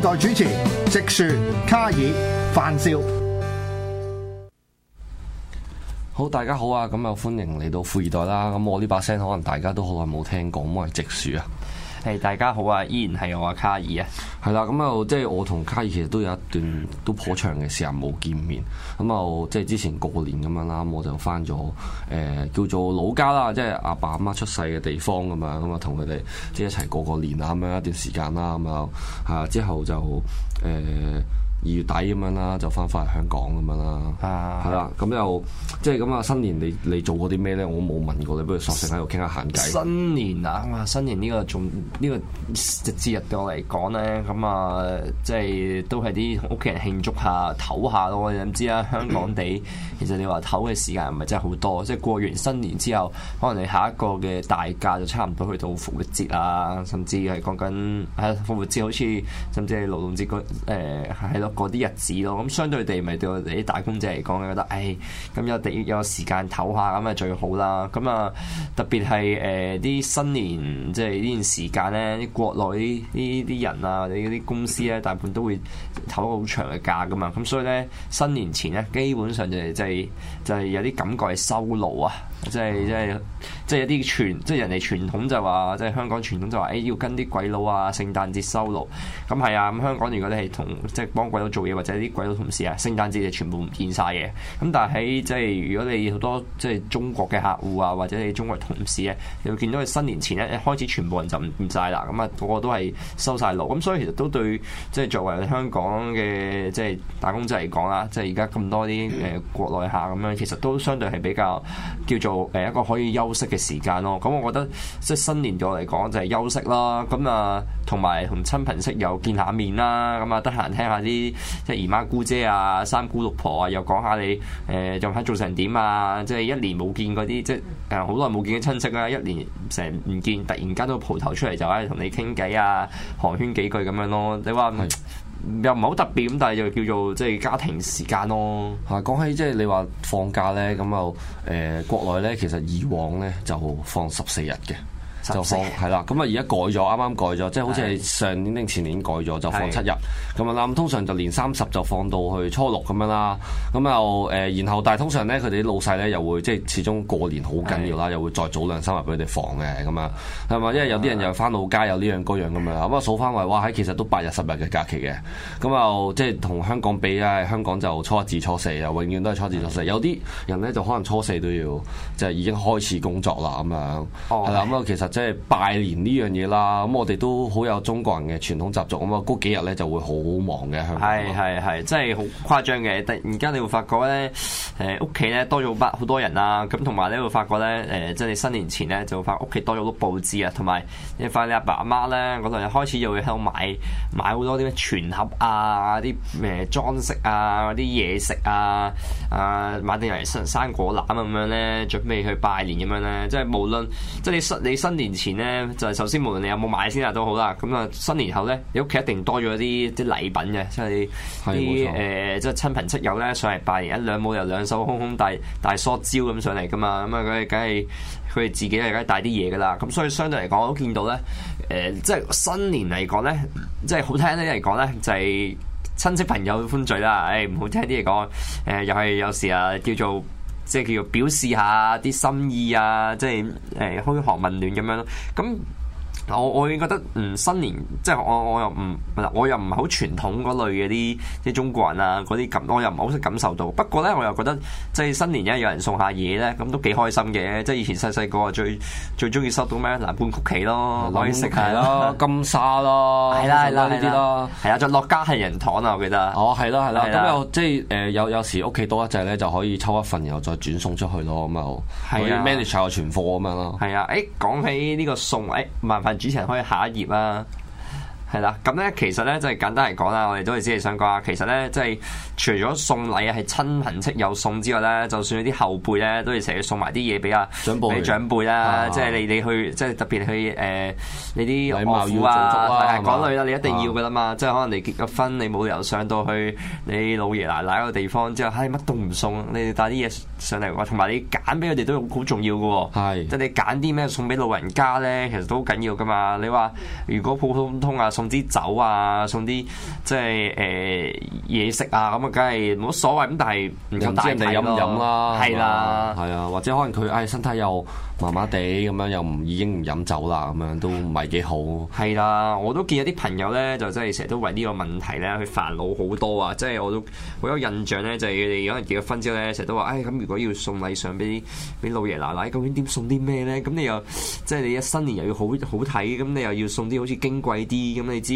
代主持直樹、卡爾、范少，好，大家好啊！咁啊，歡迎嚟到富二代啦！咁我呢把聲可能大家都好耐冇聽過，咁我係直樹啊。誒，大家好啊！依然係我阿卡爾啊，係啦，咁又即係我同卡爾其實都有一段 都頗長嘅時間冇見面，咁又即係之前過年咁樣啦，嗯，我就翻咗誒叫做老家啦，即係阿爸阿媽出世嘅地方咁樣，嗯，咁啊同佢哋即係一齊過個年啊咁樣，一段時間啦，咁啊，啊之後就誒。二月底咁樣啦，就翻返嚟香港咁樣啦，係啦、啊，咁、啊、又即係咁啊！新年你你做過啲咩咧？我冇問過你，不如索性喺度傾下閒偈。新年啊，哇！新年呢個仲呢個節節日對我嚟講咧，咁啊，即係都係啲同屋企人慶祝下、唞下咯。你知啊，香港地 其實你話唞嘅時間唔係真係好多，即係過完新年之後，可能你下一個嘅大假就差唔多去到復活節啊，甚至係講緊係復活節好，好似甚至係勞動節嗰誒係咯。呃嗰啲日子咯，咁相對地，咪對我哋啲打工仔嚟講，覺得誒，咁有地有時間唞下，咁啊最好啦。咁、嗯、啊，特別係誒啲新年，即係呢段時間咧，國內啲啲啲人啊，或者嗰啲公司咧，大半都會唞好長嘅假噶嘛。咁所以咧，新年前咧，基本上就係、是、就係就係有啲感覺係收爐啊，即係即係即係有啲傳，即、就、係、是、人哋傳統就話，即、就、係、是、香港傳統就話，誒要跟啲鬼佬啊，聖誕節收爐。咁係啊，咁香港如果你係同即係、就是、幫鬼。做嘢或者啲鬼佬同事啊，聖誕節就全部唔見晒嘅。咁但係喺即係如果你好多即係中國嘅客戶啊，或者你中國同事啊，你會見到佢新年前咧開始全部人就唔見曬啦。咁啊，個個都係收晒爐，咁所以其實都對即係作為香港嘅即係打工仔嚟講啦，即係而家咁多啲誒、呃、國內客咁樣其實都相對係比較叫做誒、呃、一個可以休息嘅時間咯。咁我覺得即係新年咗嚟講就係休息啦。咁啊，同埋同親朋戚友見面聽聽下面啦。咁啊，得閒聽下啲。即係姨媽姑姐啊，三姑六婆啊，又講下你誒、呃，做下做成點啊？即係一年冇見嗰啲，即係誒好耐冇見嘅親戚啊。一年成日唔見，突然間都蒲頭出嚟，就喺同你傾偈啊，寒暄幾句咁樣咯。你話是又唔係好特別咁，但係又叫做即係家庭時間咯。吓，講起即係你話放假咧，咁又誒國內咧，其實以往咧就放十四日嘅。就放係啦，咁啊而家改咗，啱啱改咗，即係好似係上年定的前年改咗，就放七日。咁啊啦，咁通常就年三十就放到去初六咁樣啦。咁又誒、呃，然後但係通常咧，佢哋啲老細咧又會即係始終過年好緊要啦，的又會再早兩三日俾佢哋放嘅咁樣，係咪？因為有啲人又翻老街，有呢樣嗰樣咁樣。咁啊數翻埋，哇！係其實都八日十日嘅假期嘅。咁又即係同香港比啊，香港就初一至初四又永遠都係初一至初四。的有啲人咧就可能初四都要就已經開始工作啦咁樣，係啦。咁啊 Okay.，其實、就係即係拜年呢樣嘢啦，咁、嗯、我哋都好有中國人嘅傳統習俗啊嘛！嗰、嗯、幾日咧就會好忙嘅香港。係係係，真係好誇張嘅。突然間你會發覺咧，誒屋企咧多咗好多人啊，咁同埋咧會發覺咧，誒即係你新年前咧就會發屋企多咗好多佈置啊，同埋你發你阿爸阿媽咧嗰度，開始又會喺度買買好多啲咩全盒啊、啲咩裝飾啊、啲嘢食啊、啊買啲嚟生果籃咁、啊、樣咧，準備去拜年咁樣咧。即係無論即係你你新年前咧，就係、是、首先無論你有冇買先啊，都好啦。咁啊，新年後咧，你屋企一定多咗啲啲禮品嘅，即係啲誒，即係親朋戚友咧上嚟拜年，一兩冇又兩手空空，帶帶梳蕉咁上嚟噶嘛。咁啊，佢梗係佢哋自己係梗係帶啲嘢噶啦。咁所以相對嚟講，我都見到咧，誒、呃，即係新年嚟講咧，即係好聽啲嚟講咧，就係、是、親戚朋友歡聚啦。誒、欸，唔好聽啲嚟講，誒又係有時啊叫做。即係叫做表示一下啲心意啊，即係誒噓寒問暖咁樣咯，咁。我我會覺得，嗯，新年即係我我又唔我又唔係好傳統嗰類嘅啲即係中國人啊嗰啲，感我又唔係好識感受到，不過咧我又覺得即係新年而家有人送下嘢咧咁都幾開心嘅。即係以前細細個最最中意收到咩藍罐曲奇咯，攞去、嗯、食係、嗯、咯金莎 咯，係啦係啦呢啲咯，係啊就樂家杏仁糖啊我記得哦係啦係啦，咁又即係誒有有時屋企多一隻咧就可以抽一份然後再轉送出去咯，咁了啊可以 manage 我存貨咁樣咯。係啊誒講起呢個送誒麻煩。唉主持人可以下一頁啦。係啦，咁咧其實咧，即係簡單嚟講啦，我哋都係只係想講啊。其實咧，即係除咗送禮啊，係親朋戚友送之外咧，就算有啲後輩咧，都要成日送埋啲嘢俾啊，俾長輩啦。即係你你去，即係特別去誒、呃，你啲岳父啊嗰、啊啊、類啦，你一定要噶啦嘛。是啊、即係可能你結咗婚，你冇理由上到去你老爺奶奶個地方之後，嘿、哎，乜都唔送，你帶啲嘢上嚟喎。同埋你揀俾佢哋都好重要噶喎、哦。是啊、即係你揀啲咩送俾老人家咧，其實都好緊要噶嘛。你話如果普普通，通通啊。送啲酒啊，送啲即係誒嘢食啊，咁啊梗係冇所謂咁，但係唔知人哋飲唔飲啦，係啦，係吧啊，或者可能佢唉、哎、身體又～麻麻哋，咁樣又唔已經唔飲酒啦，咁樣都唔係幾好。係啦，我都見有啲朋友咧，就真係成日都為呢個問題咧，去煩惱好多啊！即係我都好有印象咧，就係佢哋有人結咗婚之後咧，成日都話，唉、哎，咁如果要送禮上俾俾老爺奶奶，究竟點送啲咩咧？咁你又即係你一新年又要好好睇，咁你又要送啲好似矜貴啲，咁你知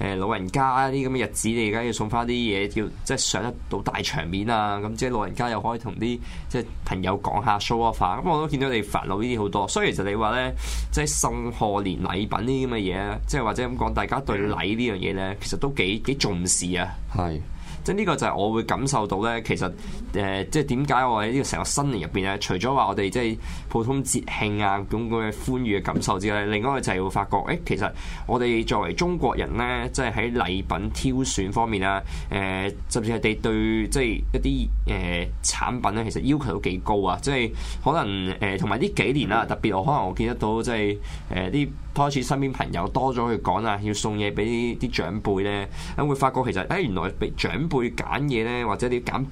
誒老人家啲咁嘅日子，你而家要送翻啲嘢，要即係上得到大場面啊！咁即係老人家又可以同啲即係朋友講下 show off。咁我都見到你煩惱。啲好多，所以其實你話咧，即係送賀年禮品呢啲咁嘅嘢咧，即係或者咁講，大家對禮呢樣嘢咧，其實都幾幾重視啊。係。即呢個就係我會感受到咧，其實誒、呃，即係點解我喺呢個成個新年入邊咧，除咗話我哋即係普通節慶啊咁嘅歡愉嘅感受之外，另一個就係會發覺，誒、欸，其實我哋作為中國人咧，即係喺禮品挑選方面啊，誒、呃，甚至係我哋對即係一啲誒、呃、產品咧，其實要求都幾高啊，即係可能誒，同埋呢幾年啦，特別我可能我見得到即係誒啲。呃開始身邊朋友多咗去講啦，要送嘢俾啲長輩咧，咁會發覺其實，哎原來俾長輩揀嘢咧，或者你揀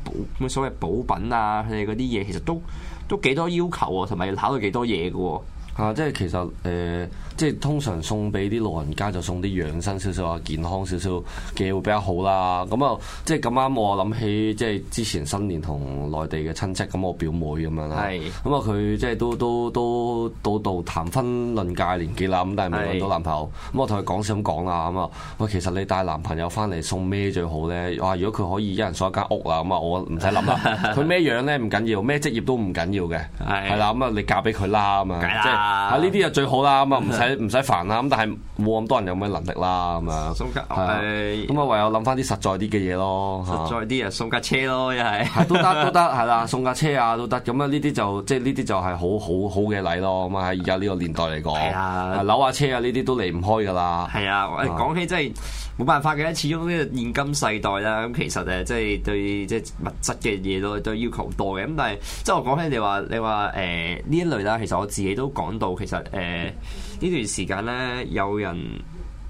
補所謂補品啊，佢哋嗰啲嘢其實都都幾多要求喎，同埋要考慮幾多嘢嘅喎。啊，即係其實誒。呃即係通常送俾啲老人家就送啲養生少少啊，健康少少嘅會比較好啦。咁啊，即係咁啱我諗起即係之前新年同內地嘅親戚，咁我表妹咁是樣啦。咁啊佢即係都都都到到談婚論嫁年紀啦。咁但係未揾到男朋友。咁是我同佢講笑咁講啦。咁啊喂，其實你帶男朋友翻嚟送咩最好咧？哇！如果佢可以一人送一間屋啊，咁啊我唔使諗啦。佢咩 樣咧唔緊要，咩職業都唔緊要嘅。係是。係啦。咁啊你嫁俾佢啦。咁啊即係呢啲就最好啦。咁啊唔使。唔使煩啦，咁但係冇咁多人有咩能力啦，咁啊，送係，咁啊唯有諗翻啲實在啲嘅嘢咯，實在啲啊，送架車咯，一係都得都得，係啦，送架車啊都得，咁啊呢啲就即係呢啲就係好好好嘅禮咯，咁啊喺而家呢個年代嚟講，係啊，扭下車啊呢啲都離唔開噶啦，係啊，講、啊、起真係冇辦法嘅，始終呢個現今世代啦，咁其實誒即係對即係物質嘅嘢都都要求多嘅，咁但係即係我講起你話你話誒呢一類啦，其實我自己都講到其實誒。呃呢段時間呢、呃，有人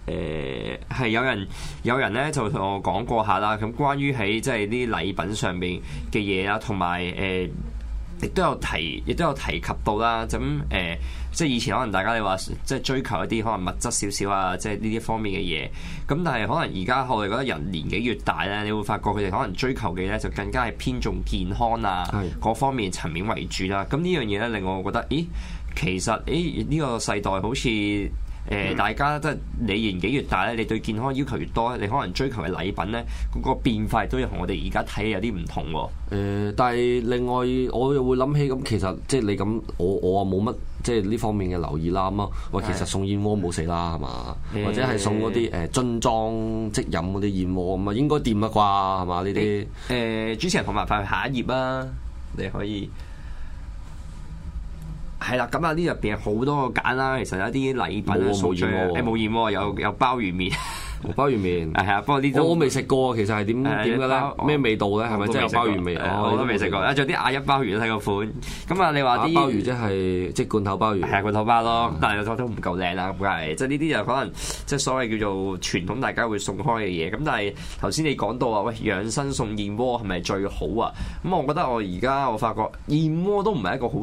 誒係有人有人呢，就同我講過下啦。咁關於喺即係啲禮品上面嘅嘢啊，同埋誒亦都有提，亦都有提及到啦。咁、呃、誒即係以前可能大家你話即係追求一啲可能物質少少啊，即係呢啲方面嘅嘢。咁但係可能而家我哋覺得人年紀越大呢，你會發覺佢哋可能追求嘅呢，就更加係偏重健康啊各是方面層面為主啦。咁呢樣嘢呢，令我覺得，咦？其實，誒、欸、呢、這個世代好似誒，呃嗯、大家即係你年紀越大咧，你對健康要求越多，你可能追求嘅禮品咧，嗰、那個變化都有同我哋而家睇有啲唔同喎。但係另外我又會諗起咁，其實即係你咁，我我啊冇乜即係呢方面嘅留意啦咁啊。喂、嗯，其實送燕窩冇死啦，係嘛？欸、或者係送嗰啲誒樽裝即飲嗰啲燕窩咁啊，應該掂啦啩係嘛？呢啲誒，主持人同埋快去下一頁啊，你可以。係啦，咁啊，呢入邊好多個揀啦。其實一啲禮品都好出，誒冇燕窩，有有鮑魚麵，鮑魚麵啊，係啊。不過呢啲我未食過，其實係點點嘅咧？咩味道咧？係咪真係鮑魚味？我都未食過啊！仲有啲阿一鮑魚，睇個款咁啊。你話啲鮑魚即係即罐頭鮑魚，係罐頭鮑咯，但係我覺得唔夠靚啦，咁梗係即係呢啲就可能即所謂叫做傳統大家會送開嘅嘢。咁但係頭先你講到話喂養生送燕窩係咪最好啊？咁我覺得我而家我發覺燕窩都唔係一個好。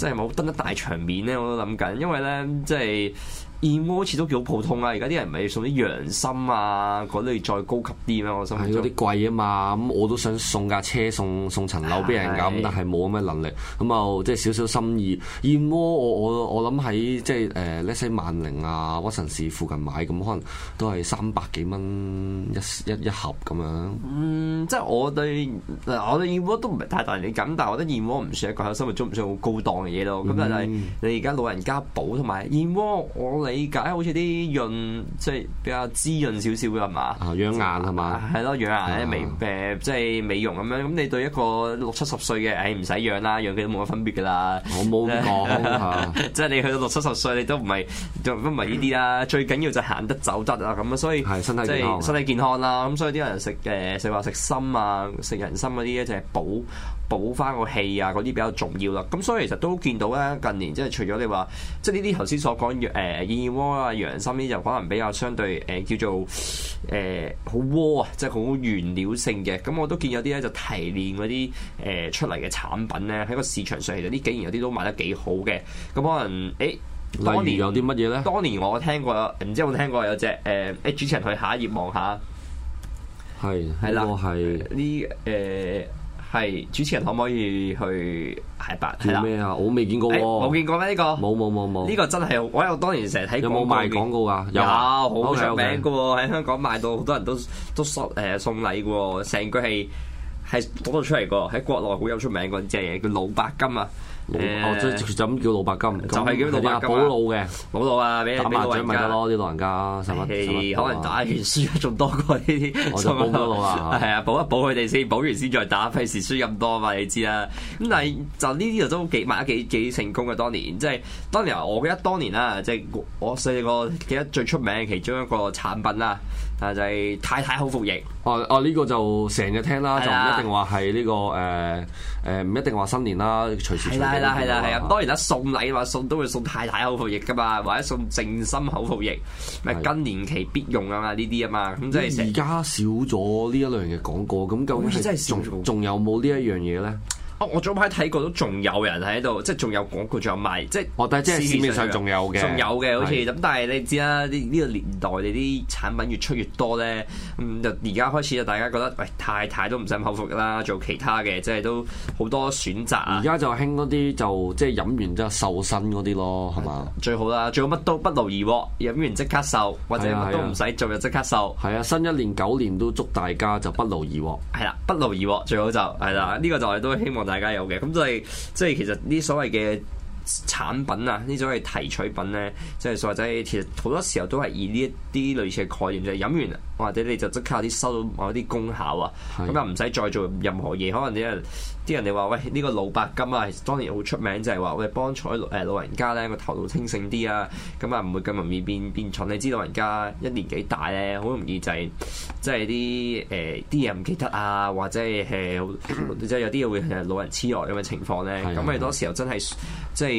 即係冇得大場面咧，我都諗緊，因為咧，即係。燕窩始都幾普通啊！而家啲人咪送啲洋參啊嗰類再高級啲咩？我心係有啲貴啊嘛！咁、嗯、我都想送架車送、送送層樓俾人咁，的但係冇咁嘅能力。咁就即係少少心意。燕窩我我我諗喺即係誒 l e 萬寧啊屈臣氏附近買，咁可能都係三百幾蚊一一一盒咁樣。嗯，即係我對我對燕窩都唔係太大嘅感，但係我覺得燕窩唔算一個喺生活中唔算好高檔嘅嘢咯。咁但係你而家老人家補同埋燕窩，我理解好似啲潤，即、就、係、是、比較滋潤少少嘅係嘛？養顏係嘛？係咯、嗯，吧養顏咧美、嗯呃、即係美容咁樣。咁你對一個六七十歲嘅，誒唔使養啦，養佢都冇乜分別嘅啦。我冇講，即係 你去到六七十歲，你都唔係做都唔係呢啲啦。最緊要就行得走得啊，咁所以即係身，身體健康啦。咁、啊、所以啲人食誒食話食心啊，食人參嗰啲咧，就係、是、補補翻個氣啊，嗰啲比較重要啦。咁所以其實都見到咧，近年即係、就是、除咗你話，即係呢啲頭先所講誒。就是燕窩啊、羊心呢，就可能比較相對誒、呃、叫做誒好、呃、窩啊，即係好原料性嘅。咁我都見有啲咧就提煉嗰啲誒出嚟嘅產品咧，喺個市場上其實呢幾年有啲都賣得幾好嘅。咁可能誒、欸，當年有啲乜嘢咧？當年我聽過，唔知有冇聽過有隻誒？誒、呃、主持人去下一頁望下，係係、這個、啦，係呢誒。係主持人可唔可以去鞋拔？做咩啊？我未見過喎，冇見過咩呢個？冇冇冇冇，呢個真係我有當年成日睇廣告。有冇賣廣告啊。有，好出名嘅喎。喺香港賣到好多人都都送誒送禮嘅喎，成句係係攞到出嚟嘅喎。喺國內好有出名嘅，嗰隻嘢叫老白金啊！哦，就咁叫老白金，就係叫老白金，補老嘅，補老，老啊！打麻將咪得咯，啲老人家，可能打完輸仲多過呢啲，我就幫到啦。係啊，補、啊、一補佢哋先，補完先再打，費事輸咁多嘛，你知啦。咁但係就呢啲又都幾買得幾幾、幾成功嘅，當年即係、就是、當年我記得當年啦，即、就、係、是、我我細個記得最出名嘅其中一個產品啦。啊！就係太太口服液。哦哦，呢個就成日聽啦，的就唔一定話係呢個誒誒，唔、呃呃、一定話新年啦，隨時隨地。係啦係啦係啦係。當然啦、啊，送禮話送都會送太太口服液噶嘛，或者送靜心口服液，咪的更年期必用啊嘛呢啲啊嘛，咁、嗯、即係而家少咗呢一類型嘅廣告，咁究竟仲仲有冇呢一樣嘢咧？我早排睇過都仲有人喺度，即係仲有廣告仲有賣，即係哦，但係即係市面上仲有嘅，仲有嘅，好似咁。但係你知啦，呢呢個年代你啲產品越出越多咧，嗯，就而家開始就大家覺得，喂，太太都唔使口服啦，做其他嘅，即係都好多選擇啊。而家就興嗰啲就即係飲完之後瘦身嗰啲咯，係嘛？最好啦，最好乜都不勞而獲，飲完即刻瘦，或者乜都唔使做就即刻瘦。係啊，新一年九年都祝大家就不勞而獲。係啦，不勞而獲最好就係啦，呢個就係都希望。大家有嘅，咁、就係、即係即係其實啲所謂嘅。產品啊，呢種係提取品咧，即係或者係其實好多時候都係以呢一啲類似嘅概念，就係、是、飲完或者你就即刻有啲收到某啲功效啊，咁又唔使再做任何嘢。可能啲人啲人哋話：喂，呢、這個腦白金啊，當年好出名，就係話喂幫助誒老人家咧個頭腦清醒啲啊，咁啊唔會咁容易變變蠢。你知道，老人家一年幾大咧，好容易就係、是、即係啲誒啲嘢唔記得啊，或者係即係有啲嘢會老人痴呆咁嘅情況咧。咁你多時候真係即係。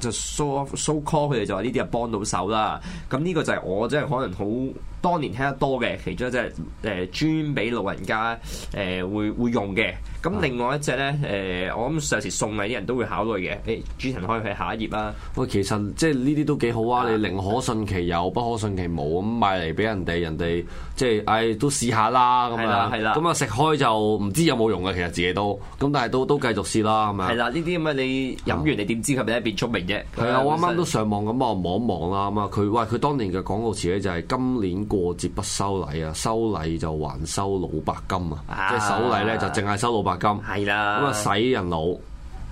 就 so so call 佢哋就話呢啲啊幫到手啦，咁呢個就係我即係可能好多年聽得多嘅，其中一隻誒專俾老人家誒、呃、會會用嘅。咁另外一隻咧，誒、呃，我諗有時送禮啲人都會考慮嘅。誒、欸，主持人可以去下一頁啦，啊。喂，其實即係呢啲都幾好啊！你寧可信其有，不可信其冇，咁賣嚟俾人哋，人哋即係誒都試下啦。係啦，係啦。咁啊，食開就唔知有冇用嘅，其實自己都咁，但係都都繼續試啦，係咪的啊？係啦的，呢啲咁啊，你飲完你點知佢咪一變聰明啫？係啊，我啱啱都上網咁啊，望一望啦，咁啊，佢喂佢當年嘅廣告詞咧就係今年過節不收禮啊，收禮就還收腦白金啊即百金，即係收禮咧就淨係收老金係啦，咁啊洗人腦，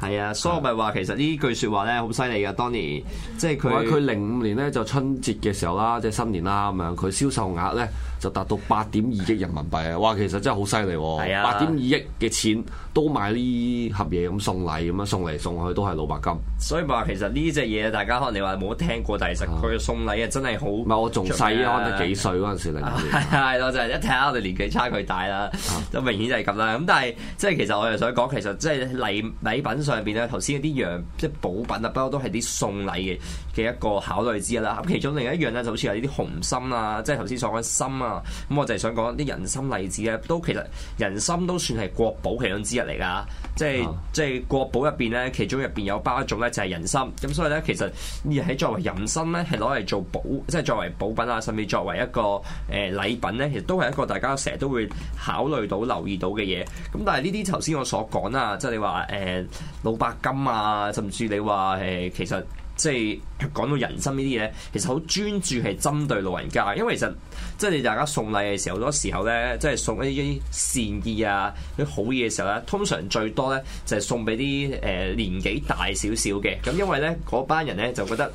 係啊，所以我咪話其實呢句說話咧好犀利噶。當年即係佢，佢零五年咧就春節嘅時候啦，即係新年啦咁樣，佢銷售額咧。就達到八點二億人民幣啊！哇，其實真係好犀利喎！八點二億嘅錢都買呢盒嘢咁送禮咁樣送嚟送去都係老白金，所以話其實呢隻嘢大家可能你話冇聽過，但係實佢嘅送禮啊真係好。唔係我仲細啊，都、啊、幾歲嗰陣時嚟嘅。係咯，就係一睇下我哋年紀差距大啦，就、啊、明顯就係咁啦。咁、嗯、但係即係其實我又想講，其實即係禮禮品上邊咧，頭先啲樣即係寶品啊，不過都係啲送禮嘅。嘅一個考慮之一啦，咁其中另一樣咧就好似有啲紅心啊，即係頭先所講嘅心啊，咁我就係想講啲人心例子咧，都其實人心都算係國寶其中之一嚟㗎，即係、啊、即係國寶入邊咧，其中入邊有一包一種咧就係、是、人心，咁所以咧其實而喺作為人心咧，係攞嚟做補，即係作為補品啊，甚至作為一個誒禮品咧，其實都係一個大家成日都會考慮到、留意到嘅嘢。咁但係呢啲頭先我所講啊，即係你話誒、欸、老白金啊，甚至你話誒、欸、其實。即係講到人生呢啲嘢其實好專注係針對老人家，因為其實即係你大家送禮嘅時候，好多時候咧，即係送一啲善意啊、啲好嘢嘅時候咧，通常最多咧就係、是、送俾啲誒年紀大少少嘅咁，因為咧嗰班人咧就覺得。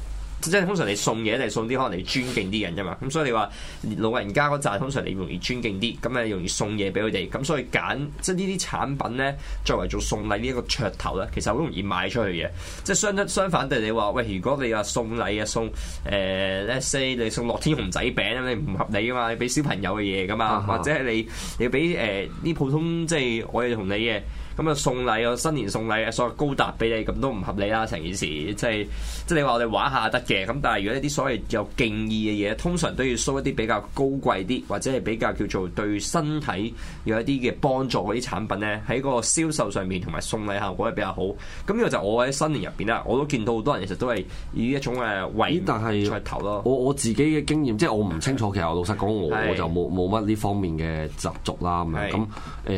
即係通常你送嘢，你送啲可能你尊敬啲人㗎嘛。咁所以你話老人家嗰陣，通常你容易尊敬啲，咁咪容易送嘢俾佢哋。咁所以揀即係呢啲產品咧，作為做送禮呢一個噱頭咧，其實好容易賣出去嘅。即係相相反對你話，喂，如果你話送禮啊，送誒、呃，let's say 你送樂天熊仔餅，你唔合理㗎嘛，你俾小朋友嘅嘢㗎嘛，uh huh. 或者係你你俾誒啲普通即係我哋同你嘅。咁啊、嗯、送禮啊，新年送禮啊，所謂高達俾你咁都唔合理啦！成件事即係即係你話我哋玩下得嘅咁，但係如果一啲所謂有敬意嘅嘢，通常都要 show 一啲比較高貴啲，或者係比較叫做對身體有一啲嘅幫助啲產品咧，喺個銷售上面同埋送禮效果係比較好。咁呢個就我喺新年入邊啦，我都見到好多人其實都係以一種誒偉大係噱頭咯。我我自己嘅經驗即係我唔清楚，其實我老實講我，是我就冇冇乜呢方面嘅習俗啦。咁誒是、呃、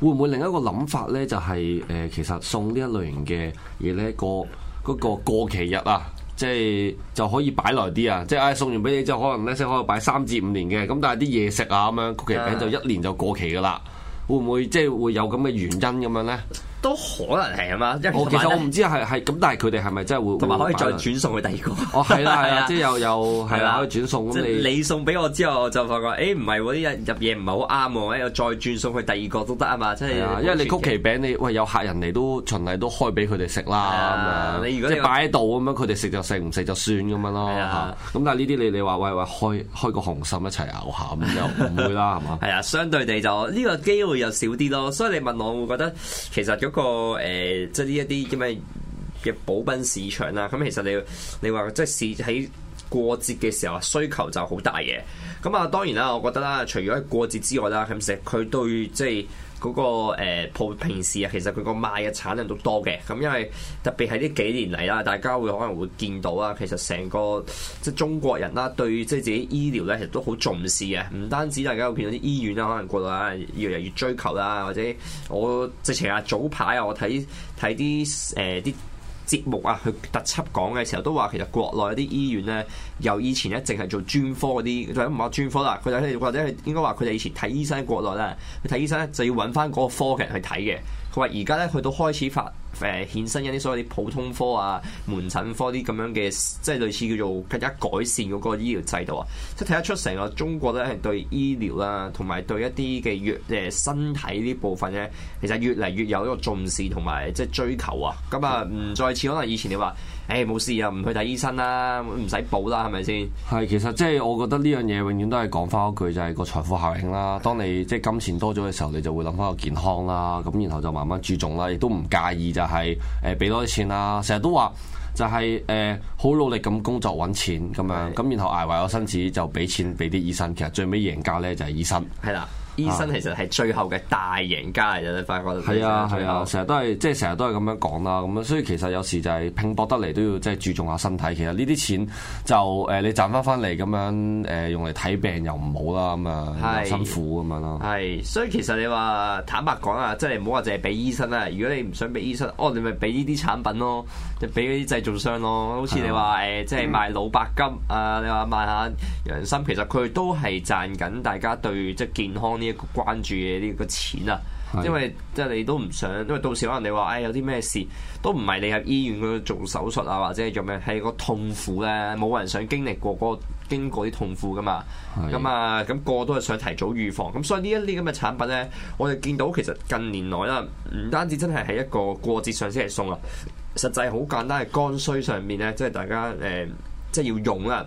會唔會另一個諗法咧？咧就係誒，其實送呢一類型嘅嘢咧，過嗰個過期日啊，即係就可以擺耐啲啊，即係送完俾你之後，可能咧先可以擺三至五年嘅。咁但係啲嘢食啊咁樣，曲奇餅就一年就過期噶啦，會唔會即係會有咁嘅原因咁樣咧？都可能係啊嘛，因為其實我唔知係係咁，但係佢哋係咪真係會同埋可以再轉送去第二個？哦，係啦係啦，即係又又係可以轉送。即係你送俾我之後，我就發覺誒唔係喎，啲入入嘢唔係好啱喎，又再轉送去第二個都得啊嘛，即係因為你曲奇餅你喂有客人嚟都循例都開俾佢哋食啦。係啊，你如果即係擺喺度咁樣，佢哋食就食唔食就算咁樣咯。咁但係呢啲你你話喂喂開開個紅心一齊咬下咁又唔會啦係嘛？係啊，相對地就呢個機會又少啲咯，所以你問我會覺得其實。一個、呃、即係呢一啲因為嘅補品市場啦，咁其實你你話即係喺過節嘅時候需求就好大嘅，咁啊當然啦，我覺得啦，除咗喺過節之外啦，其實佢對即係。嗰、那個誒、呃、平時啊，其實佢個賣嘅產量都多嘅，咁因為特別係呢幾年嚟啦，大家會可能會見到啦。其實成個即係中國人啦、啊，對即係自己醫療咧，其實都好重視嘅，唔單止大家會見到啲醫院啦、啊，可能過度啊，越嚟越，越追求啦、啊，或者我直情啊，早排啊我睇睇啲誒啲。節目啊，佢特輯講嘅時候都話，其實國內啲醫院咧，由以前咧淨係做專科嗰啲，或者唔話專科啦，佢哋或者係應該話佢哋以前睇醫生喺國內咧，睇醫生咧就要揾翻嗰個科嘅人去睇嘅。佢話而家咧去到開始發。誒衍生一啲所謂啲普通科啊、門診科啲咁樣嘅，即係類似叫做更加改善嗰個醫療制度啊，即係睇得出成個中國咧係對醫療啦、啊，同埋對一啲嘅藥誒身體呢部分咧，其實越嚟越有呢個重視同埋即係追求啊。咁啊，唔再似可能以前你話，誒、哎、冇事啊，唔去睇醫生啦，唔使補啦，係咪先？係其實即係我覺得呢樣嘢永遠都係講翻一句，就係個財富效應啦。當你即係、就是、金錢多咗嘅時候，你就會諗翻個健康啦，咁然後就慢慢注重啦，亦都唔介意。就係誒俾多啲錢啦，成日都話就係誒好努力咁工作揾錢咁樣，咁的然後捱壞咗身子就俾錢俾啲醫生，其實最尾贏家咧就係醫生。係啦。醫生其實係最後嘅大贏家嚟嘅，你快啲翻嚟。係啊係啊，成日、啊啊、都係即係成日都係咁樣講啦。咁樣所以其實有時就係拼搏得嚟都要即係注重下身體。其實呢啲錢就誒、呃、你賺翻翻嚟咁樣誒、呃、用嚟睇病又唔好啦咁啊樣辛苦咁是樣咯。係，所以其實你話坦白講啊，即係唔好話淨係俾醫生啦。如果你唔想俾醫生，哦你咪俾呢啲產品咯，就俾嗰啲製造商咯。好似你話誒、啊呃，即係賣腦白金、嗯、啊，你話賣下人生，其實佢都係賺緊大家對即係健康呢一個關注嘅呢個錢啊，的因為即係你都唔想，因為到時可能你話，哎，有啲咩事都唔係你入醫院嗰度做手術啊，或者係做咩，係個痛苦咧、啊，冇人想經歷過嗰個經過啲痛苦噶嘛，咁啊的，咁個都係想提早預防，咁所以呢一啲咁嘅產品咧，我哋見到其實近年來啦，唔單止真係喺一個過節上先嚟送啊。實際好簡單係剛需上面咧，即係大家誒，即，呃，係要用啦。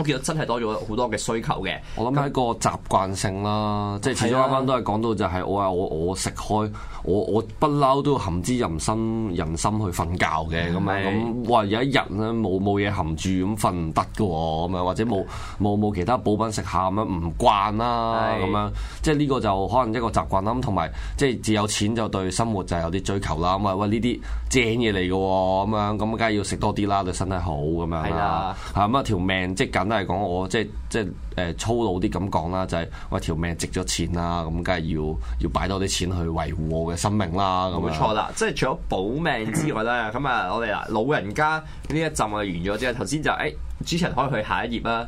我覺得真係多咗好多嘅需求嘅。我諗係一個習慣性啦，那即係始終啱啱都係講到，就係我話我我食開我我不嬲都含之人心，人心去瞓覺嘅咁樣咁。喂、mm hmm.，有一日咧冇冇嘢含住咁瞓唔得㗎喎，咁啊、喔、或者冇冇冇其他補品食下咁樣唔慣啦咁 Yeah. 樣，即係呢個就可能一個習慣啦。咁同埋即係自有錢就對生活就係有啲追求啦。咁啊喂，呢啲正嘢嚟嘅喎，咁、喔、樣咁梗係要食多啲啦，對身體好咁樣啦。嚇咁啊條命即緊。都係講我即係即係誒、呃、粗魯啲咁講啦，就係、是、我條命值咗錢啦，咁梗係要要擺多啲錢去維護我嘅生命啦。咁冇錯啦，樣即係除咗保命之外咧，咁啊 我哋啊老人家呢一浸啊完咗、欸、之後，頭先就誒主持人可以去下一頁啦。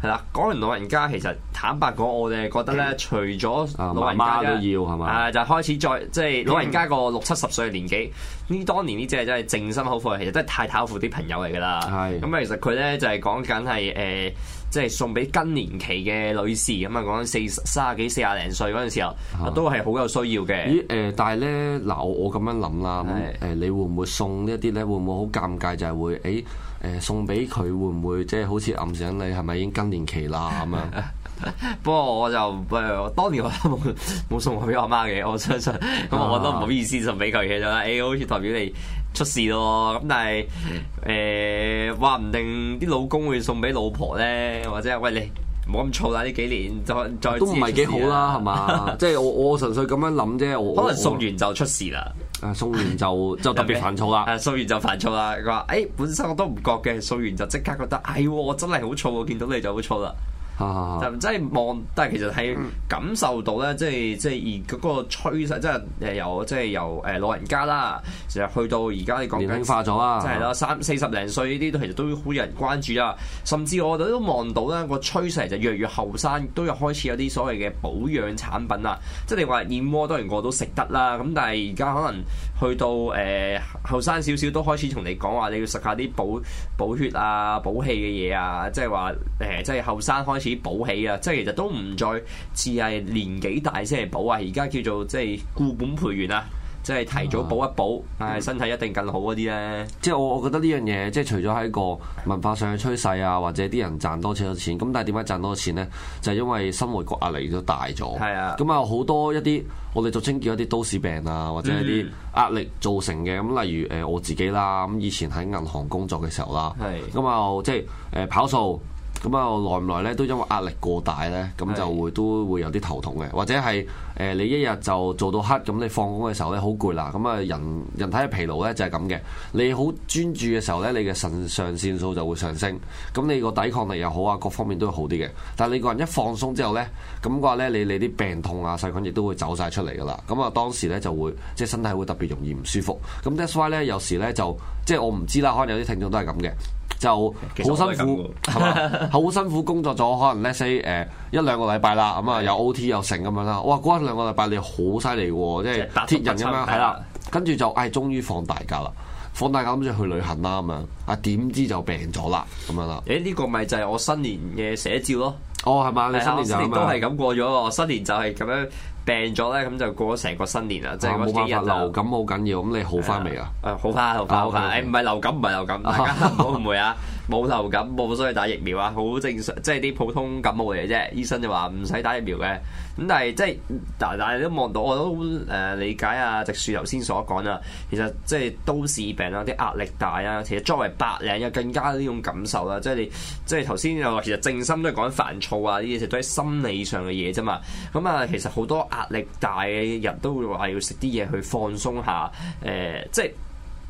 係啦，講完老人家，其實坦白講，我哋係覺得咧，嗯、除咗老人家都、啊、要係咪？啊就開始再即係老人家個六七十歲年紀。呢當年呢只係真係靜心口服，其實真係太討好啲朋友嚟㗎啦。咁啊是的、嗯，其實佢咧就係講緊係誒，即、呃、係、就是、送俾更年期嘅女士咁啊，講緊四卅幾四十零歲嗰陣時候，是的 都係好有需要嘅。誒、呃，但係咧嗱，我我咁樣諗啦，咁、嗯、誒是的、呃，你會唔會送呢一啲咧？會唔會好尷尬就、欸呃會會？就係會誒誒，送俾佢會唔會即係好似暗示你係咪已經更年期啦咁樣？的 不過我就誒、哎，當年我冇送我俾我媽嘅，我相信咁 我都唔好意思送俾佢嘅啦。誒、哎，好似代表你出事咯，咁但係誒話唔定啲老公會送俾老婆咧，或者喂你冇咁燥啦，呢幾年再再都唔係幾好啦，係嘛？ 即係我我純粹咁樣諗啫，可能送完就出事啦、 啊，送完就就特別煩躁啦，送完就煩躁啦，佢話誒本身我都唔覺嘅，送完就即刻覺得哎我真係好燥，我見到你就好燥啦。就即係望，但係 其實係感受到咧，即係即係而嗰個趨勢，即係誒由即係、就是、由誒老人家啦，其實去到而家你講年輕化咗啦，即係啦，三四十零歲呢啲都其實都好有人關注啦。甚至我哋都望到咧、嗰個趨勢就越嚟越後生，都有開始有啲所謂嘅保養產品啊，即係你話燕窩當然個都食得啦，咁但係而家可能去到誒後生少少都開始同你講話你要食下啲補補血啊、補氣嘅嘢啊，就是呃、即係話誒即係後生開始。補起啊，即係其實都唔再只係年紀大先嚟補啊而家叫做即係固本培元啊，即係提早補一補，誒、啊，身體一定更好嗰啲咧。即係我我覺得呢樣嘢，即係除咗喺個文化上嘅趨勢啊，或者啲人賺多咗錢，咁但係點解賺多錢咧？就係、是、因為生活壓力都大咗，係啊，咁啊好多一啲我哋俗稱叫一啲都市病啊，或者一啲壓力造成嘅，咁、嗯、例如誒我自己啦，咁以前喺銀行工作嘅時候啦，咁是啊即係誒跑數。咁啊，耐唔耐咧都因為壓力過大咧，咁就會都會有啲頭痛嘅，或者係誒、呃、你一日就做到黑，咁你放工嘅時候咧好攰啦，咁啊人人體嘅疲勞咧就係咁嘅。你好專注嘅時候咧，你嘅腎上腺素就會上升，咁你個抵抗力又好啊，各方面都會好啲嘅。但係你個人一放鬆之後咧，咁話咧你你啲病痛啊，細菌亦都會走晒出嚟㗎啦。咁啊當時咧就會即係身體會特別容易唔舒服。咁 that's why 咧有時咧就即係我唔知啦，可能有啲聽眾都係咁嘅。就好辛苦，係嘛吧？好 辛苦工作咗，可能 let's say 誒、呃、一兩個禮拜啦，咁、嗯、啊有 OT 又成咁樣啦。哇！過一兩個禮拜你好犀利喎，即係鐵人咁樣係啦。吧跟住就唉、哎，終於放大假啦，放大假咁就去旅行啦咁樣。啊、嗯、點知就病咗啦咁樣啦。誒、嗯、呢、欸呢個咪就係我新年嘅寫照咯。哦，係嘛，你新年就、哎、新年都係咁過咗喎，新年就係咁樣。病咗咧，咁就過咗成個新年啦，啊、即係冇辦法，流感好緊要，咁你好翻未啊？誒，好翻、啊，好翻，好翻。誒，唔係、哎、流感，唔係流感， 大家唔好誤會啊。冇流感冇所謂打疫苗啊，好正常，即係啲普通感冒嚟啫。醫生就話唔使打疫苗嘅。咁但係即係嗱，但係都望到我都誒、呃、理解啊。直樹頭先所講啊，其實即係都市病啊，啲壓力大啊，其實作為白領又更加呢種感受啦。即係你即係頭先又話其實正心都係講煩躁啊啲嘢，都係心理上嘅嘢啫嘛。咁、嗯、啊，其實好多壓力大嘅人都話要食啲嘢去放鬆下誒、呃，即係。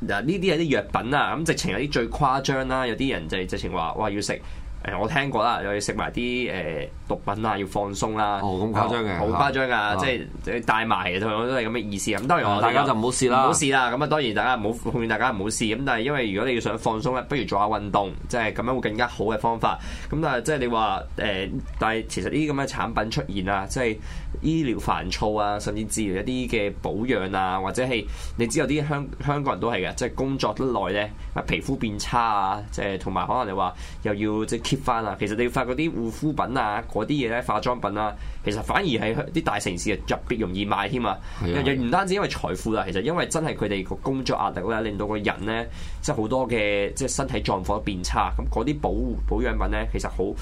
嗱，呢啲係啲藥品啊，咁直情有啲最誇張啦，有啲人就係直情話，哇要食。誒，我聽過啦，又要食埋啲誒毒品啊，要放鬆啦。哦好，咁誇張嘅，好的誇張噶，的即係帶埋，都係咁嘅意思。咁當然大家就唔好試啦，唔好試啦。咁啊當然大家唔好勸大家唔好試。咁 但係因為如果你要想放鬆咧，不如做下運動，即係咁樣會更加好嘅方法。咁但係即係你話誒，但係其實啲咁嘅產品出現啊，即係醫療煩躁啊，甚至治療一啲嘅保養啊，或者係你知有啲香香港人都係嘅，即係工作得耐咧，皮膚變差啊，即係同埋可能你話又要即。貼翻啊！其實你要發覺啲護膚品啊，嗰啲嘢咧，化妝品啊，其實反而係啲大城市啊，特別容易買添啊！是的 又唔單止因為財富啦、啊，其實因為真係佢哋個工作壓力咧，令到個人咧，即係好多嘅即係身體狀況都變差。咁嗰啲保保養品咧，其實好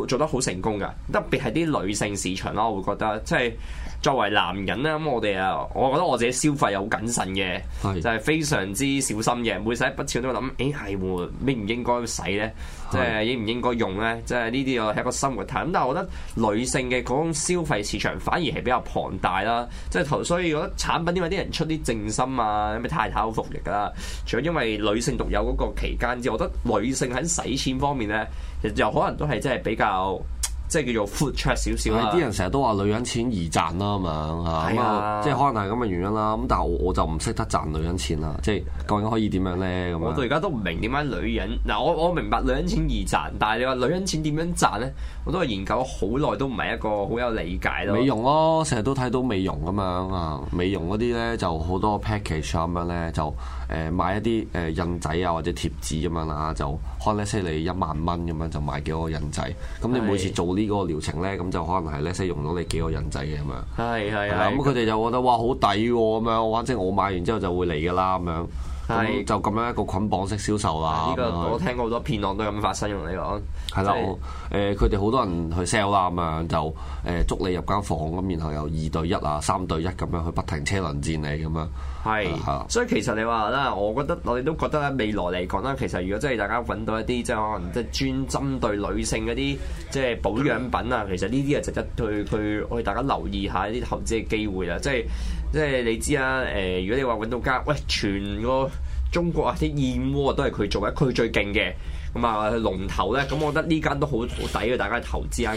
好做得好成功噶。特別係啲女性市場啦、啊，我會覺得即係作為男人咧，咁我哋啊，我覺得我自己消費又好謹慎嘅，是的 就係非常之小心嘅。每使一筆錢都諗，誒係喎，唔應該使咧？即係應唔應該用咧？即係呢啲又係一個生活題，咁但係我覺得女性嘅嗰種消費市場反而係比較龐大啦。即係頭，所以如果產品點解啲人出啲正心啊，咩太，太好服力㗎啦，除咗因為女性獨有嗰個期間之外，我覺得女性喺使錢方面咧，其實又可能都係即係比較。即係叫做 footcheck 少少啦、啊，啲人成日都話女人錢易賺啦咁樣啊，嗯、即係可能係咁嘅原因啦。咁但係我，我就唔識得賺女人錢啦，即係究竟可以點樣咧？咁我到而家都唔明點解女人嗱，我我明白女人錢易賺，但係你話女人錢點樣賺咧？我都係研究好耐，都唔係一個好有理解咯。美容咯、啊，成日都睇到美容咁樣啊，美容嗰啲咧就好多 package 咁樣咧，就誒、啊、買一啲誒印仔啊或者貼紙咁樣啦，就可能 n c 你一萬蚊咁樣就買幾個印仔，咁你每次做呢？呢個療程咧，咁就可能係咧使用到你幾個人仔嘅咁樣。係係的。咁佢哋就覺得哇，好抵喎咁樣，反正我買完之後就會嚟噶啦咁樣。的就咁樣一個捆綁式銷售啦。我聽過好多騙案都咁發生用呢個。係啦的。誒的，佢哋好多人去 sell 啦咁樣，就誒捉、呃、你入間房咁，然後又二對一啊、三對一咁樣，去不停車輪戰你咁樣。係，所以其實你話啦，我覺得我哋都覺得咧，未來嚟講啦，其實如果真係大家揾到一啲即係可能即係專針對女性嗰啲即係保養品啊，其實呢啲係值得對佢，我哋大家留意一下啲投資嘅機會啦。即係即係你知啦，誒、呃，如果你話揾到間，喂，全個中國啊啲燕窩都係佢做一區最勁嘅，咁、嗯、啊龍頭咧，咁我覺得呢間都好好抵嘅，大家投資間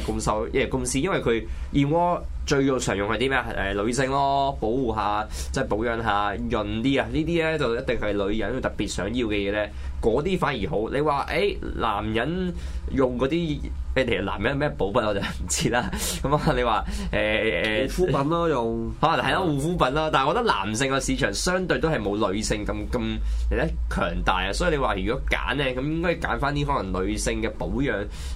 公司，因為佢燕窩。最用常用係啲咩啊？誒、呃、女性咯，保護下即係保養下，潤啲啊！呢啲咧就一定係女人特別想要嘅嘢咧，嗰啲反而好。你話誒、欸、男人用嗰啲，其、欸、哋男人咩保品我就唔知啦。咁、嗯、啊，你話誒誒，欸欸、護膚品咯用，可能係咯護膚品咯。但係我覺得男性嘅市場相對都係冇女性咁咁咧強大啊。所以你話如果揀咧，咁應該揀翻啲可能女性嘅保養誒、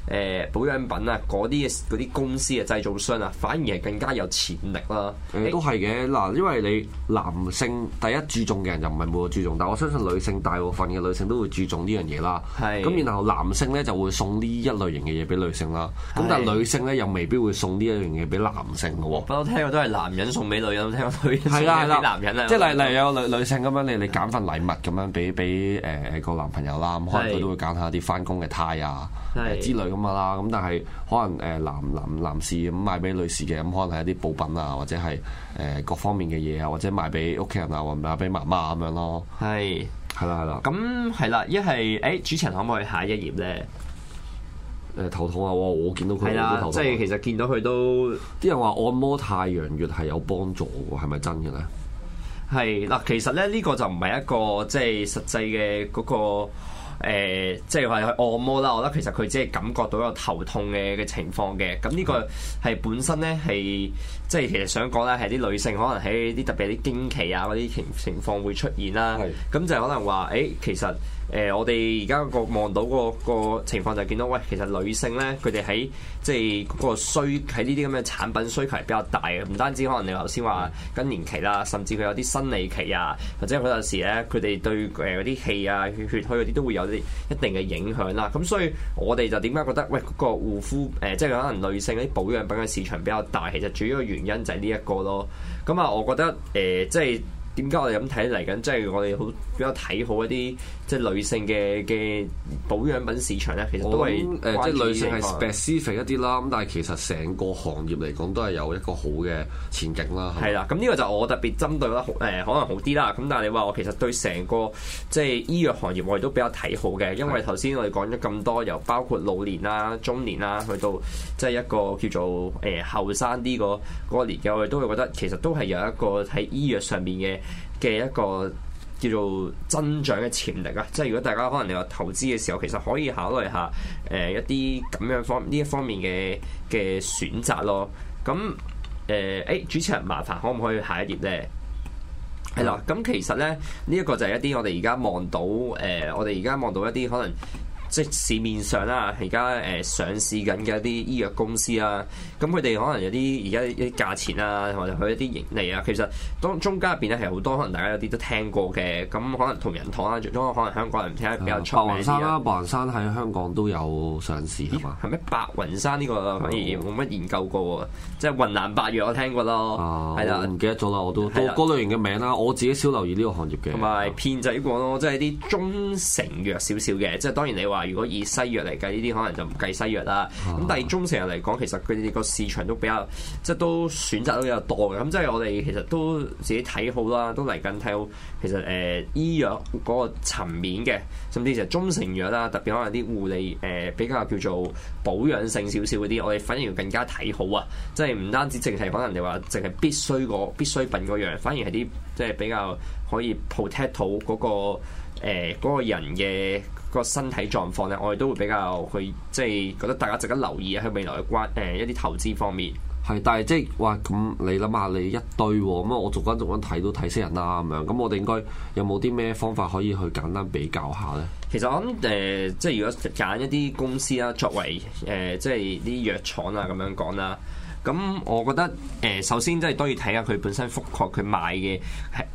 呃、保養品啊，嗰啲嘅嗰啲公司嘅製造商啊，反而係更更加有潛力啦，誒、欸、都係嘅。嗱，因為你男性第一注重嘅人就唔係冇咁注重，但係我相信女性大部分嘅女性都會注重呢樣嘢啦。係是。咁然後男性咧就會送呢一類型嘅嘢俾女性啦。咁是但係女性咧又未必會送呢一樣嘢俾男性嘅喎。不過我聽過都係男人送俾女人，聽唔女到？係啦係啦，男人啊！即係例如有個女女性咁樣，你你揀份禮物咁樣俾俾誒個男朋友啦。咁可能佢是的 都會揀下啲翻工嘅呔啊。是之類咁嘅啦，咁但係可能誒、呃、男男男士咁賣俾女士嘅，咁可能係一啲補品啊，或者係誒、呃、各方面嘅嘢啊，或者賣俾屋企人啊，或者賣俾媽媽咁樣咯。係是，係啦，係啦，咁係啦，一係誒，主持人可唔可以下一頁咧？誒、呃、頭痛啊！我我見到佢好多頭痛啊。即係其實見到佢都，啲人話按摩太陽穴係有幫助嘅，係咪真嘅咧？係嗱，其實咧呢個就唔係一個即係實際嘅嗰個。誒、呃，即係話去按摩啦，我覺得其實佢只係感覺到有頭痛嘅嘅情況嘅，咁呢個係本身咧係，即係其實想講咧係啲女性可能喺啲特別啲經期啊嗰啲情情況會出現啦，咁是就可能話，誒、欸、其實。誒、呃，我哋而家個望到個個情況就見到，喂，其實女性咧，佢哋喺即係、嗰個需喺呢啲咁嘅產品需求係比較大嘅，唔單止可能你頭先話更年期啦，甚至佢有啲生理期啊，或者嗰陣時咧，佢哋對誒嗰啲氣啊、血血虛嗰啲都會有啲一定嘅影響啦。咁所以我哋就點解覺得，喂，嗰、嗰個護膚、呃、即係可能女性嗰啲保養品嘅市場比較大，其實主要嘅原因就係呢一個咯。咁啊，我覺得誒、呃，即係點解我哋咁睇嚟緊，即係我哋好比較睇好一啲。即係女性嘅嘅保養品市場咧，其實都係誒、呃呃，即係女性係 specific 一啲啦。咁、嗯、但係其實成個行業嚟講，都係有一個好嘅前景啦。係啦吧，咁呢、嗯這個就我特別針對啦，誒、呃、可能好啲啦。咁但係你話我其實對成個即係醫藥行業，我哋都比較睇好嘅，因為頭先我哋講咗咁多，由包括老年啦、中年啦，去到即係一個叫做誒後生啲個嗰、那個年紀，我哋都會覺得其實都係有一個喺醫藥上面嘅嘅一個。叫做增長嘅潛力啊！即係如果大家可能你話投資嘅時候，其實可以考慮下誒、呃、一啲咁樣方呢一方面嘅嘅選擇咯。咁誒，誒、呃欸、主持人麻煩可唔可以下一頁咧？係啦、嗯，咁其實咧呢一、呢個就係一啲我哋而家望到誒、呃，我哋而家望到一啲可能。即市面上啦、啊，而家誒上市緊嘅一啲醫藥公司啦、啊，咁佢哋可能有啲而家一啲價錢啊，或者佢一啲盈利啊，其實當中間入邊咧，其實好多可能大家有啲都聽過嘅，咁可能同仁堂啦、啊，最多可能香港人聽得比較出名、啊、白雲山啦、啊，白雲山喺香港都有上市係嘛？係咪白雲山呢、這個反而冇乜研究過啊？的即雲南白藥我聽過咯，係啦、啊，唔的記得咗啦，我都嗰的類型嘅名啦、啊，的我自己少留意呢個行業嘅，同埋片仔癀咯，即係啲中成藥少少嘅，即當然你話。如果以西藥嚟計，呢啲可能就唔計西藥啦。咁、啊、但係中成藥嚟講，其實佢哋個市場都比較，即係都選擇都比較多嘅。咁即係我哋其實都自己睇好啦，都嚟緊睇好。其實誒、呃、醫藥嗰個層面嘅，甚至就係中成藥啦，特別可能啲護理誒、呃、比較叫做保養性少少嗰啲，我哋反而要更加睇好啊！即係唔單止淨係可能你話淨係必須個必須品嗰樣，反而係啲即係比較可以 protect 到嗰、嗰個誒嗰、呃嗰個人嘅。個身體狀況咧，我哋都會比較去，即係覺得大家值得留意喺未來嘅關誒、呃、一啲投資方面。係，但係即係哇，咁你諗下，你一堆咁、哦、啊，我逐間逐間睇都睇死人啦、啊，咁樣，咁我哋應該有冇啲咩方法可以去簡單比較下咧？其實我諗誒、呃，即係如果揀一啲公司啦，作為誒、呃，即係啲藥廠啊咁樣講啦。咁、嗯、我覺得誒、呃，首先即係都要睇下佢本身覆蓋佢賣嘅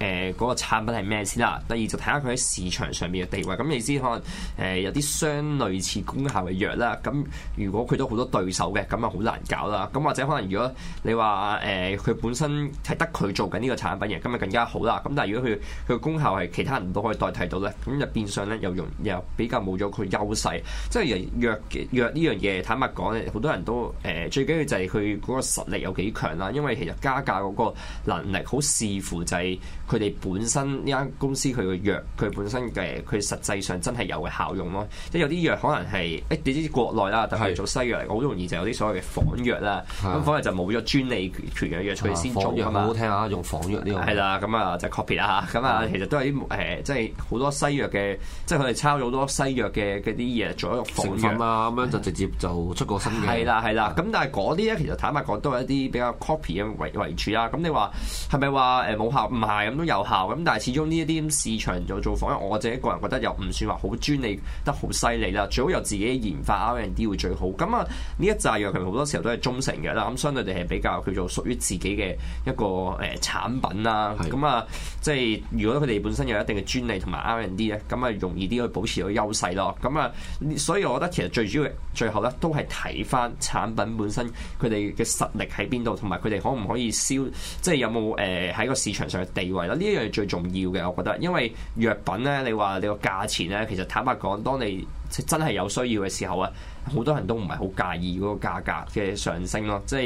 誒嗰個產品係咩先啦。第二就睇下佢喺市場上面嘅地位。咁意思可能誒、呃、有啲相類似功效嘅藥啦。咁、嗯、如果佢都好多對手嘅，咁啊好難搞啦。咁、嗯、或者可能如果你話誒佢本身係得佢做緊呢個產品嘅，咁啊更加好啦。咁、嗯、但係如果佢佢嘅功效係其他人都可以代替到咧，咁就變相咧又用又比較冇咗佢優勢。即係藥藥呢樣嘢，坦白講好多人都誒、呃、最緊要就係佢嗰實力有幾強啦？因為其實加價嗰個能力，好視乎就係佢哋本身呢間公司佢嘅藥，佢本身嘅佢實際上真係有嘅效用咯。即係有啲藥可能係誒，你知國內啦，特別做西藥嚟好容易就有啲所謂嘅仿藥啦。咁反而就冇咗專利權嘅藥才先出啊嘛。好聽下，用仿藥呢樣係啦，咁啊就 copy 啊，咁啊其實都係啲誒，即係好多西藥嘅，即係佢哋抄咗好多西藥嘅嗰啲嘢，做一個仿藥啊咁樣就直接就出過新嘅。係啦，係啦，咁但係嗰啲咧，其實坦白。我都係一啲比較 copy 嘅為為主啦。咁你話係咪話誒冇效？唔係咁都有效。咁但係始終呢一啲市場做做法，我自己個人覺得又唔算話好專利得好犀利啦。最好有自己研發 R&D 會最好。咁啊，呢一紮藥其實好多時候都係忠誠嘅啦。咁、啊、相對地係比較叫做屬於自己嘅一個誒、呃、產品啦。咁啊，是的 啊，即係如果佢哋本身有一定嘅專利同埋 R&D 咧，咁啊容易啲去保持到優勢咯。咁啊，所以我覺得其實最主要最後咧，都係睇翻產品本身佢哋嘅。實力喺邊度，同埋佢哋可唔可以銷，即係有冇誒喺個市場上嘅地位啦。呢一樣係最重要嘅，我覺得，因為藥品咧，你話你個價錢咧，其實坦白講，當你，真係有需要嘅時候啊，好多人都唔係好介意嗰個價格嘅上升咯。即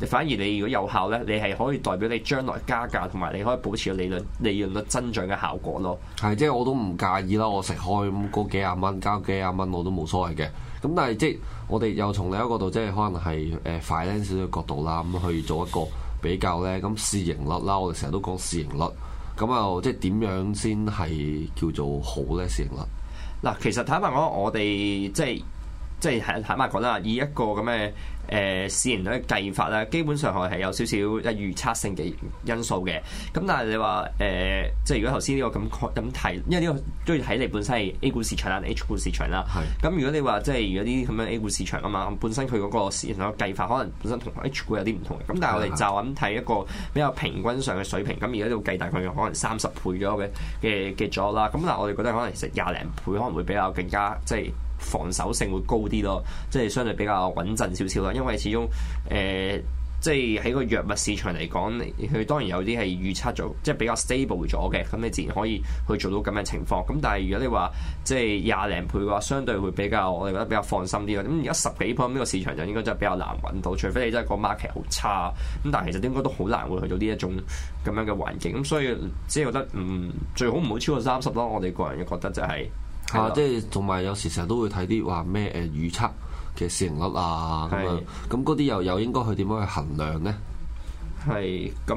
係反而你如果有效呢，你係可以代表你將來加價，同埋你可以保持個利潤，利潤率增長嘅效果咯。係，即係我都唔介意啦，我食開咁嗰幾廿蚊，交幾廿蚊我都冇所謂嘅。咁但係即係我哋又從另一個角度，即係可能係誒 finance 嘅角度啦，咁去做一個比較呢。咁市盈率啦，我哋成日都講市盈率。咁啊，又即係點樣先係叫做好呢，市盈率。嗱，其實坦白講，我我哋即係。即係坦白埋講啦，以一個咁嘅誒市盈率計法咧，基本上係有少少一點點預測性嘅因素嘅。咁但係你話誒、呃，即係如果頭先呢個咁講咁睇，因為呢個都要睇你本身係 A 股市場啦，H 股市場啦。係是。咁如果你話即係如果啲咁樣 A 股市場啊嘛，本身佢嗰個市盈率計法可能本身同 H 股有啲唔同嘅。咁但係我哋就咁睇一個比較平均上嘅水平。咁而家都計大概可能三十倍左右嘅嘅嘅咗啦。咁但係我哋覺得可能其實廿零倍可能會比較更加即係。防守性會高啲咯，即係相對比較穩陣少少啦。因為始終誒、呃，即係喺個藥物市場嚟講，佢當然有啲係預測咗，即係比較 stable 咗嘅。咁、嗯、你自然可以去做到咁嘅情況。咁但係如果你話即係廿零倍嘅話，相對會比較我哋覺得比較放心啲咯。咁而家十幾倍咁、嗯這個市場就應該真係比較難揾到，除非你真係個 market 好差。咁、嗯、但係其實應該都好難會去到呢一種咁樣嘅環境。咁、嗯、所以即係覺得嗯，最好唔好超過三十咯。我哋個人嘅覺得就係、是。啊！即係同埋有時成日都會睇啲話咩誒預測嘅市盈率啊咁是樣，咁嗰啲又又應該去點樣去衡量呢？係咁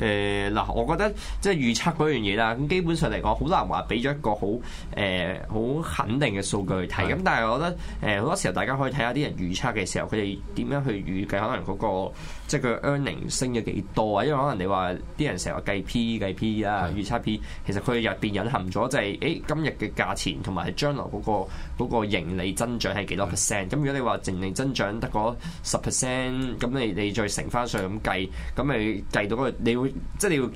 誒嗱，我覺得即係預測嗰樣嘢啦。咁基本上嚟講，好難話俾咗一個好誒好肯定嘅數據去睇。咁是但係我覺得誒好、呃、多時候大家可以睇下啲人預測嘅時候，佢哋點樣去預計可能嗰、那個。即係佢嘅 earning 升咗幾多啊？因為可能你話啲人成日計 P 計 P 啊，預測 P，其實佢入邊隱含咗就係、是，誒今日嘅價錢同埋係將來嗰、嗰個嗰個盈利增長係幾多 percent？咁如果你話淨利增長得嗰十 percent，咁你你再乘翻上咁計，咁你計到嗰、嗰個，你會即係你要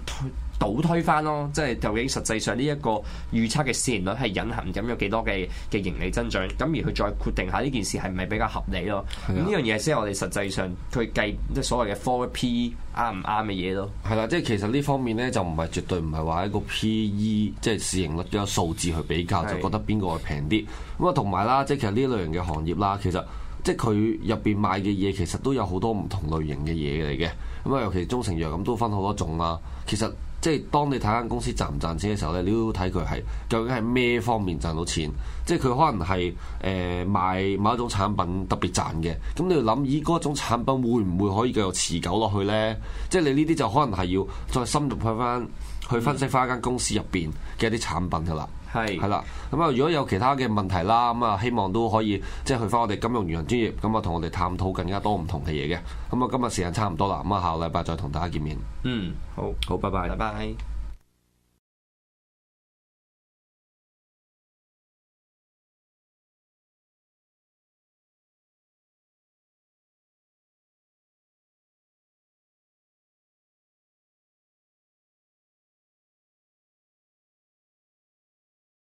倒推翻咯，即係究竟實際上呢一個預測嘅市盈率係隱含咁有幾多嘅嘅盈利增長，咁而佢再決定下呢件事係唔係比較合理咯？呢的樣嘢先係我哋實際上佢計即係所謂嘅 forward PE 啱唔啱嘅嘢咯。係啦，即係其實呢方面咧就唔係絕對唔係話一個 PE 即係市盈率嘅數字去比較，就覺得邊個會平啲。咁啊的，同埋啦，即係其實呢類型嘅行業啦，其實即係佢入邊賣嘅嘢其實都有好多唔同類型嘅嘢嚟嘅。咁啊，尤其中成藥咁都分好多種啦，其實。即係當你睇間公司賺唔賺錢嘅時候咧，你都要睇佢係究竟係咩方面賺到錢。即係佢可能係誒賣某一種產品特別賺嘅，咁你要諗，以嗰種產品會唔會可以繼續持久落去呢？即係你呢啲就可能係要再深入睇翻，去分析翻間公司入邊嘅一啲產品噶啦。係，係啦，咁啊，如果有其他嘅問題啦，咁啊，希望都可以即係去翻我哋金融銀行專業，咁啊，同我哋探討更加多唔同嘅嘢嘅，咁啊，今日時間差唔多啦，咁啊，下禮拜再同大家見面。嗯，好，好，拜拜，拜拜。